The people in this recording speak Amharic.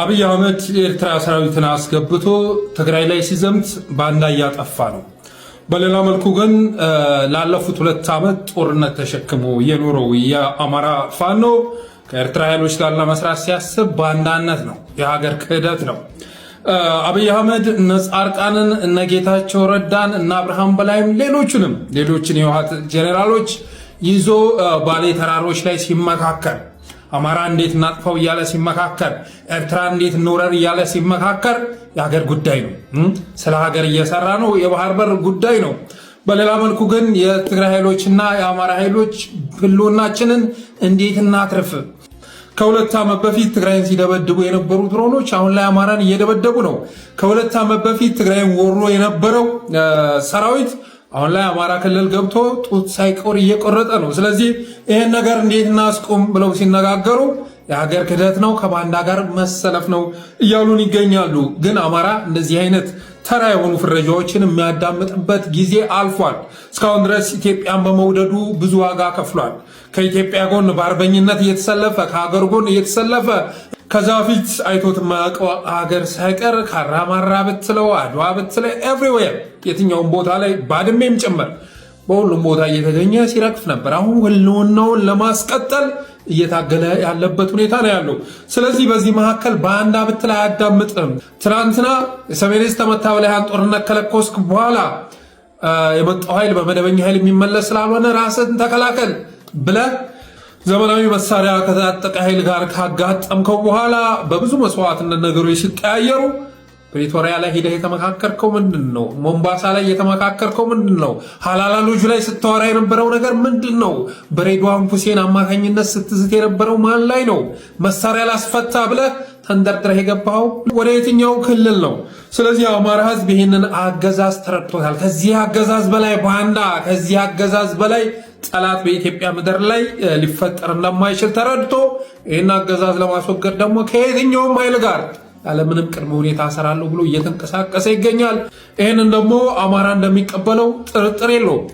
አብይ አህመድ የኤርትራ ሰራዊትን አስገብቶ ትግራይ ላይ ሲዘምት ባንዳ እያጠፋ ነው። በሌላ መልኩ ግን ላለፉት ሁለት ዓመት ጦርነት ተሸክሞ የኖረው የአማራ ፋኖ ከኤርትራ ኃይሎች ጋር ለመስራት ሲያስብ ባንዳነት ነው፣ የሀገር ክህደት ነው። አብይ አህመድ እነ ጻድቃንን እነ ጌታቸው ረዳን እነ አብርሃም በላይም ሌሎቹንም ሌሎችን የህወሓት ጄኔራሎች ይዞ ባሌ ተራሮች ላይ ሲመካከል አማራ እንዴት እናጥፋው እያለ ሲመካከር፣ ኤርትራ እንዴት እንውረር እያለ ሲመካከር የሀገር ጉዳይ ነው። ስለ ሀገር እየሰራ ነው። የባህር በር ጉዳይ ነው። በሌላ መልኩ ግን የትግራይ ኃይሎችና የአማራ ኃይሎች ህልውናችንን እንዴት እናትርፍ? ከሁለት ዓመት በፊት ትግራይን ሲደበድቡ የነበሩ ድሮኖች አሁን ላይ አማራን እየደበደቡ ነው። ከሁለት ዓመት በፊት ትግራይን ወሮ የነበረው ሰራዊት አሁን ላይ አማራ ክልል ገብቶ ጡት ሳይቆር እየቆረጠ ነው። ስለዚህ ይህን ነገር እንዴት እናስቁም ብለው ሲነጋገሩ የሀገር ክደት ነው፣ ከባንዳ ጋር መሰለፍ ነው እያሉን ይገኛሉ። ግን አማራ እንደዚህ አይነት ተራ የሆኑ ፍረጃዎችን የሚያዳምጥበት ጊዜ አልፏል። እስካሁን ድረስ ኢትዮጵያን በመውደዱ ብዙ ዋጋ ከፍሏል። ከኢትዮጵያ ጎን በአርበኝነት እየተሰለፈ ከሀገር ጎን እየተሰለፈ ከዛ ፊት አይቶት ማያውቀው አገር ሳይቀር ካራማራ ብትለው አድዋ ብትለው ኤቭሪዌር የትኛውም ቦታ ላይ ባድሜም ጭምር በሁሉም ቦታ እየተገኘ ሲረግፍ ነበር። አሁን ህልውናውን ለማስቀጠል እየታገለ ያለበት ሁኔታ ነው ያለው። ስለዚህ በዚህ መካከል በአንድ አብት ላይ አያዳምጥም። ትናንትና የሰሜን ዕዝ ተመታ ብለሃል፣ ጦርነት ከለኮስክ በኋላ የመጣው ኃይል በመደበኛ ኃይል የሚመለስ ስላልሆነ ራስን ተከላከል ብለህ ዘመናዊ መሳሪያ ከታጠቀ ኃይል ጋር ካጋጠምከው በኋላ በብዙ መስዋዕትነት ነገሮች ሲቀያየሩ ፕሪቶሪያ ላይ ሄደህ የተመካከርከው ምንድን ነው? ሞምባሳ ላይ የተመካከርከው ምንድን ነው? ሀላላ ሎጅ ላይ ስታወራ የነበረው ነገር ምንድን ነው? በሬድዋን ሁሴን አማካኝነት ስትዝት የነበረው ማን ላይ ነው? መሳሪያ ላስፈታ ብለህ ተንደርድረህ የገባኸው ወደ የትኛው ክልል ነው? ስለዚህ አማራ ህዝብ ይህንን አገዛዝ ተረድቶታል። ከዚህ አገዛዝ በላይ ባንዳ፣ ከዚህ አገዛዝ በላይ ጠላት በኢትዮጵያ ምድር ላይ ሊፈጠር እንደማይችል ተረድቶ ይህን አገዛዝ ለማስወገድ ደግሞ ከየትኛውም ኃይል ጋር ያለምንም ቅድመ ሁኔታ አሰራለሁ ብሎ እየተንቀሳቀሰ ይገኛል። ይህንን ደግሞ አማራ እንደሚቀበለው ጥርጥር የለውም።